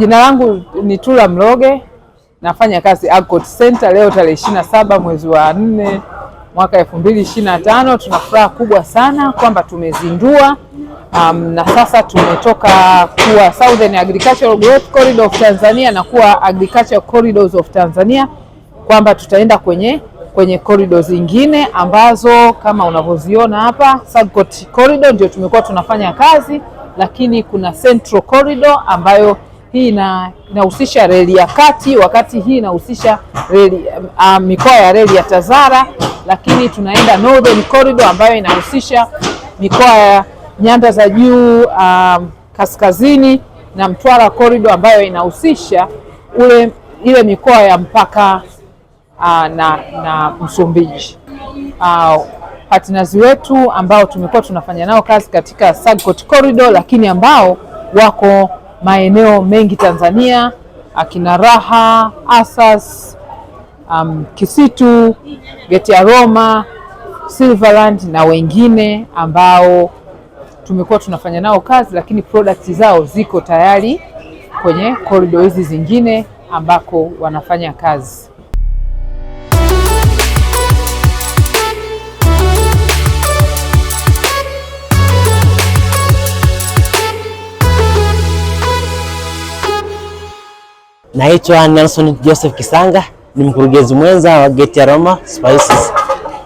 Jina langu ni Tula Mloge, nafanya kazi Agot Center. Leo tarehe ishirini na saba mwezi wa nne mwaka elfu mbili ishirini na tano tuna furaha kubwa sana kwamba tumezindua um, na sasa tumetoka kuwa Southern Agricultural Growth Corridor of Tanzania na kuwa Agricultural Corridors of Tanzania kwamba tutaenda kwenye kwenye corridors zingine ambazo kama unavyoziona hapa Sagot Corridor ndio tumekuwa tunafanya kazi, lakini kuna Central Corridor ambayo hii inahusisha reli ya kati, wakati hii inahusisha reli um, um, mikoa ya reli ya Tazara, lakini tunaenda Northern Corridor ambayo inahusisha mikoa ya nyanda za juu uh, kaskazini na Mtwara Corridor ambayo inahusisha ule ile mikoa ya mpaka uh, na, na Msumbiji uh, partners wetu ambao tumekuwa tunafanya nao kazi katika SAGCOT corridor, lakini ambao wako maeneo mengi Tanzania, akina Raha, Asas, um, Kisitu, Geti ya Roma, Silverland na wengine ambao tumekuwa tunafanya nao kazi, lakini products zao ziko tayari kwenye korido hizi zingine ambako wanafanya kazi. Naitwa Nelson Joseph Kisanga, ni mkurugenzi mwenza wa Gate Aroma Spices.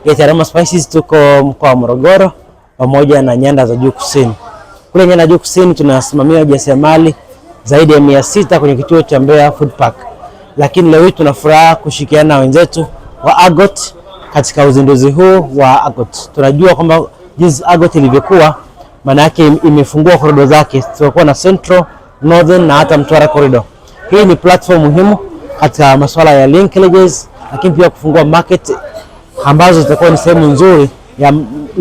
Gate Aroma Spices tuko mkoa wa Morogoro pamoja na nyanda za juu kusini. Kule nyanda za juu kusini tunasimamia wajasiriamali zaidi ya mia sita kwenye kituo cha Mbeya Food Park, lakini leo hii tuna furaha kushirikiana na wenzetu wa Agot katika uzinduzi huu wa Agot. Tunajua kwamba jinsi Agot ilivyokuwa, maana yake imefungua korido zake, tutakuwa na Central, Northern na hata Mtwara corridor hii ni platform muhimu katika masuala ya linkages, lakini pia kufungua market ambazo zitakuwa ni sehemu nzuri ya,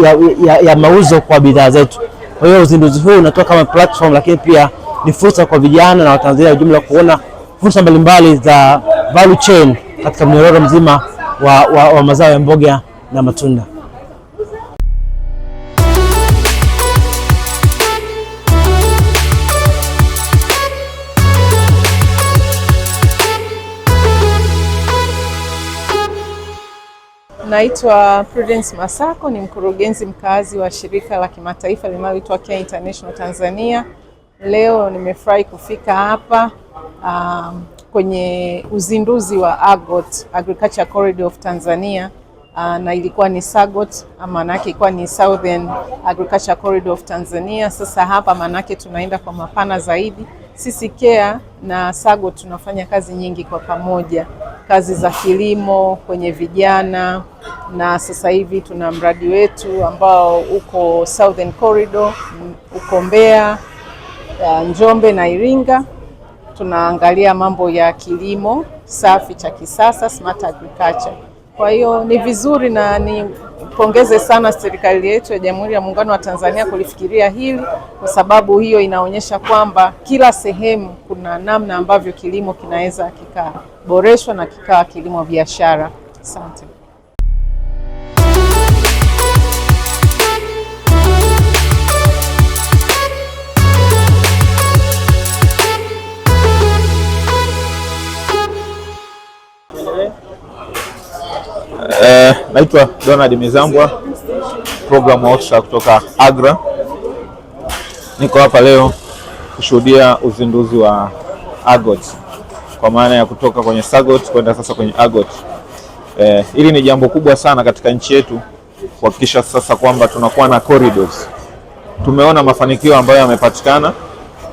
ya, ya, ya mauzo kwa bidhaa zetu. Kwa hiyo uzinduzi huu unatoa kama platform, lakini pia ni fursa kwa vijana na Watanzania kwa ujumla kuona fursa mbalimbali za value chain katika mnyororo mzima wa, wa, wa mazao ya mboga na matunda. Naitwa Prudence Masako, ni mkurugenzi mkazi wa shirika la kimataifa linaloitwa Care International Tanzania. Leo nimefurahi kufika hapa um, kwenye uzinduzi wa AGOT, Agriculture Corridor of Tanzania uh, na ilikuwa ni SAGOT, maanake ilikuwa ni Southern Agriculture Corridor of Tanzania. Sasa hapa maanake tunaenda kwa mapana zaidi. Sisi Care na SAGOT tunafanya kazi nyingi kwa pamoja, kazi za kilimo kwenye vijana na sasa hivi tuna mradi wetu ambao uko Southern Corridor, uko Mbeya, uh, Njombe na Iringa. Tunaangalia mambo ya kilimo safi cha kisasa, smart agriculture. Kwa hiyo ni vizuri na nipongeze sana serikali yetu ya Jamhuri ya Muungano wa Tanzania kulifikiria hili, kwa sababu hiyo inaonyesha kwamba kila sehemu kuna namna ambavyo kilimo kinaweza kikaboreshwa na kikawa kilimo biashara. Asante. Naitwa Donald Mizambwa, program officer kutoka AGRA. Niko hapa leo kushuhudia uzinduzi wa AGOT kwa maana ya kutoka kwenye SAGOT kwenda sasa kwenye AGOT. Eh, hili ni jambo kubwa sana katika nchi yetu kuhakikisha sasa kwamba tunakuwa na corridors. Tumeona mafanikio ambayo yamepatikana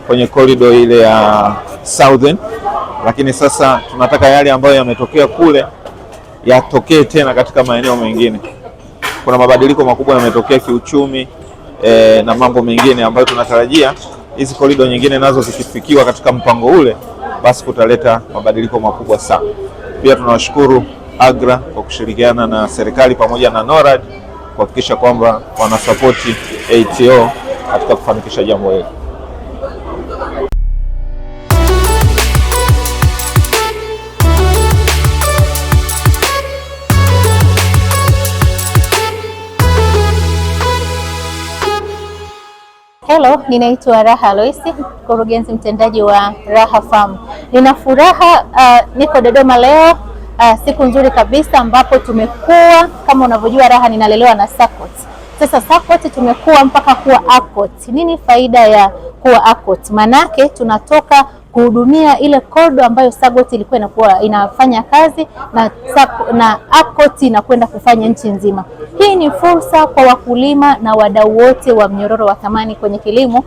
kwenye corridor ile ya Southern, lakini sasa tunataka yale ambayo yametokea kule yatokee tena katika maeneo mengine. Kuna mabadiliko makubwa yametokea kiuchumi e, na mambo mengine ambayo tunatarajia hizi korido nyingine nazo zikifikiwa katika mpango ule, basi kutaleta mabadiliko makubwa sana. Pia tunawashukuru AGRA kwa kushirikiana na serikali pamoja na NORAD kuhakikisha kwamba wanasapoti ATO katika kufanikisha jambo hili. Hello, ninaitwa Raha Loisi, mkurugenzi mtendaji wa Raha Farm. Nina furaha uh, niko Dodoma leo uh, siku nzuri kabisa ambapo tumekuwa kama unavyojua Raha ninalelewa na SACCOT. Sasa SACCOT tumekuwa mpaka kuwa ACCOT. Nini faida ya kuwa ACCOT? Maanake tunatoka kuhudumia ile kodo ambayo SAGOT ilikuwa inakuwa inafanya kazi na, na APCOT inakwenda kufanya nchi nzima. Hii ni fursa kwa wakulima na wadau wote wa mnyororo wa thamani kwenye kilimo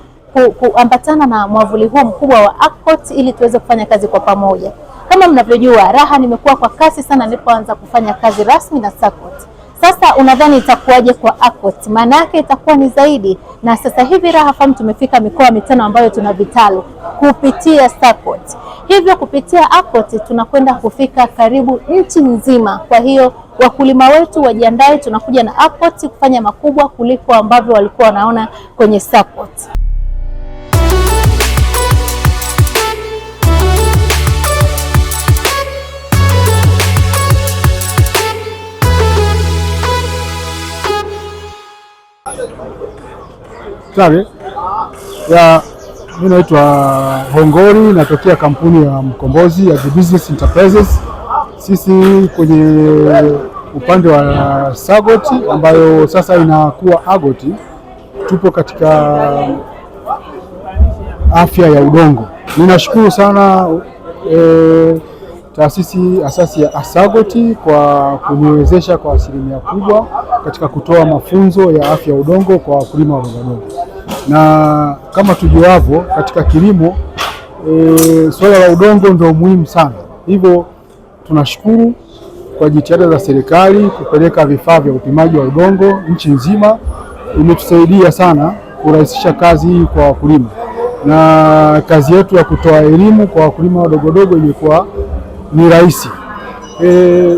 kuambatana na mwavuli huu mkubwa wa APCOT ili tuweze kufanya kazi kwa pamoja. Kama mnavyojua, raha nimekuwa kwa kasi sana nilipoanza kufanya kazi rasmi na SAGOT. Sasa unadhani itakuwaje kwa ACCOT? Maana yake itakuwa ni zaidi, na sasa hivi Raha Farm tumefika mikoa mitano ambayo tuna vitalu kupitia SACCOT. Hivyo kupitia ACCOT tunakwenda kufika karibu nchi nzima. Kwa hiyo wakulima wetu wajiandae, tunakuja na ACCOT kufanya makubwa kuliko ambavyo walikuwa wanaona kwenye SACCOT. Sawa. Ya mimi naitwa Hongori, natokea kampuni ya Mkombozi ya The Business Enterprises. Sisi kwenye upande wa Sagoti ambayo sasa inakuwa Agoti, tupo katika afya ya udongo. Ninashukuru sana eh, taasisi asasi ya Asagoti kwa kuniwezesha kwa asilimia kubwa katika kutoa mafunzo ya afya udongo kwa wakulima wadogodogo na kama tujuavyo katika kilimo e, suala la udongo ndio muhimu sana. Hivyo tunashukuru kwa jitihada za serikali kupeleka vifaa vya upimaji wa udongo nchi nzima, imetusaidia sana kurahisisha kazi hii kwa wakulima, na kazi yetu ya kutoa elimu kwa wakulima wadogodogo imekuwa ni rahisi. E,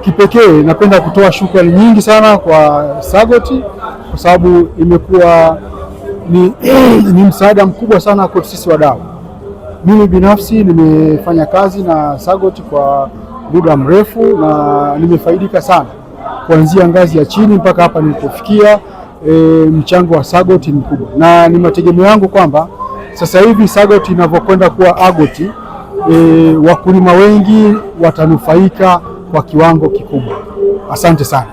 kipekee napenda kutoa shukrani nyingi sana kwa Sagoti kwa sababu imekuwa ni, ni msaada mkubwa sana kwa sisi wadau. Mimi binafsi nimefanya kazi na Sagoti kwa muda mrefu na nimefaidika sana kuanzia ngazi ya chini mpaka hapa nilipofikia. E, mchango wa Sagoti ni mkubwa na ni mategemeo yangu kwamba sasa hivi Sagoti inavyokwenda kuwa Agoti e, wakulima wengi watanufaika kwa kiwango kikubwa. Asante sana.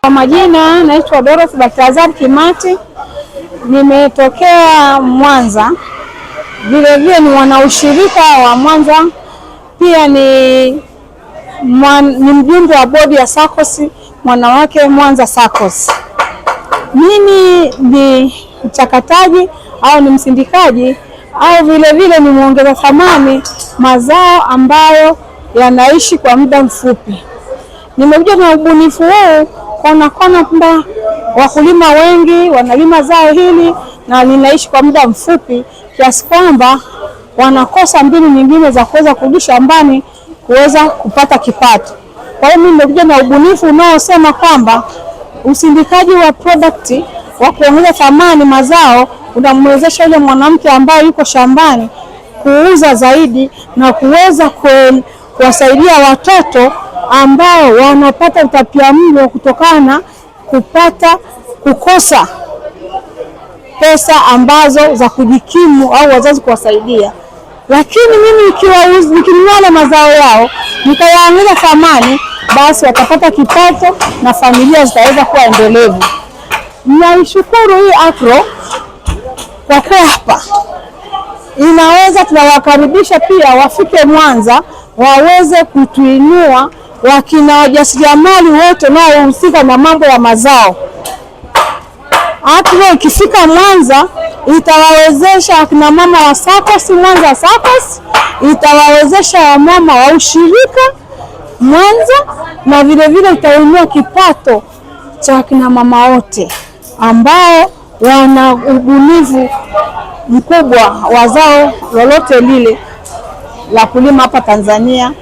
Kwa majina naitwa Dorothy Baltazar Kimati, nimetokea Mwanza, vilevile ni wanaushirika wa Mwanza, pia ni mwan, ni mjumbe wa bodi ya SACCOS mwanawake Mwanza SACCOS. Mimi ni mchakataji au ni msindikaji au vile vile ni muongeza thamani mazao ambayo yanaishi kwa muda mfupi. Nimekuja na ubunifu huu kuona kona kwamba wakulima wengi wanalima zao hili na linaishi kwa muda mfupi kiasi kwamba wanakosa mbinu nyingine za kuweza kurudi shambani kuweza kupata kipato. Kwa hiyo mimi nimekuja na ubunifu unaosema kwamba usindikaji wa product wa kuongeza thamani mazao unamwezesha yule mwanamke ambaye yuko shambani kuuza zaidi na kuweza kuwasaidia watoto ambao wanapata utapiamlo kutokana na kupata kukosa pesa ambazo za kujikimu au wazazi kuwasaidia lakini mimi nikinunua na mazao yao nikayaongeza thamani, basi watapata kipato na familia zitaweza kuwa endelevu. Naishukuru hii ACRO kwa hapa inaweza tunawakaribisha pia wafike Mwanza waweze kutuinua wakina wajasiriamali wote wanaohusika na mambo ya mazao. ACRO ikifika Mwanza itawawezesha akina mama wa SACCOS Mwanza SACCOS, itawawezesha wamama wa ushirika Mwanza na vilevile itainua kipato cha akina mama wote ambao wana ubunifu mkubwa wa zao lolote lile la kulima hapa Tanzania.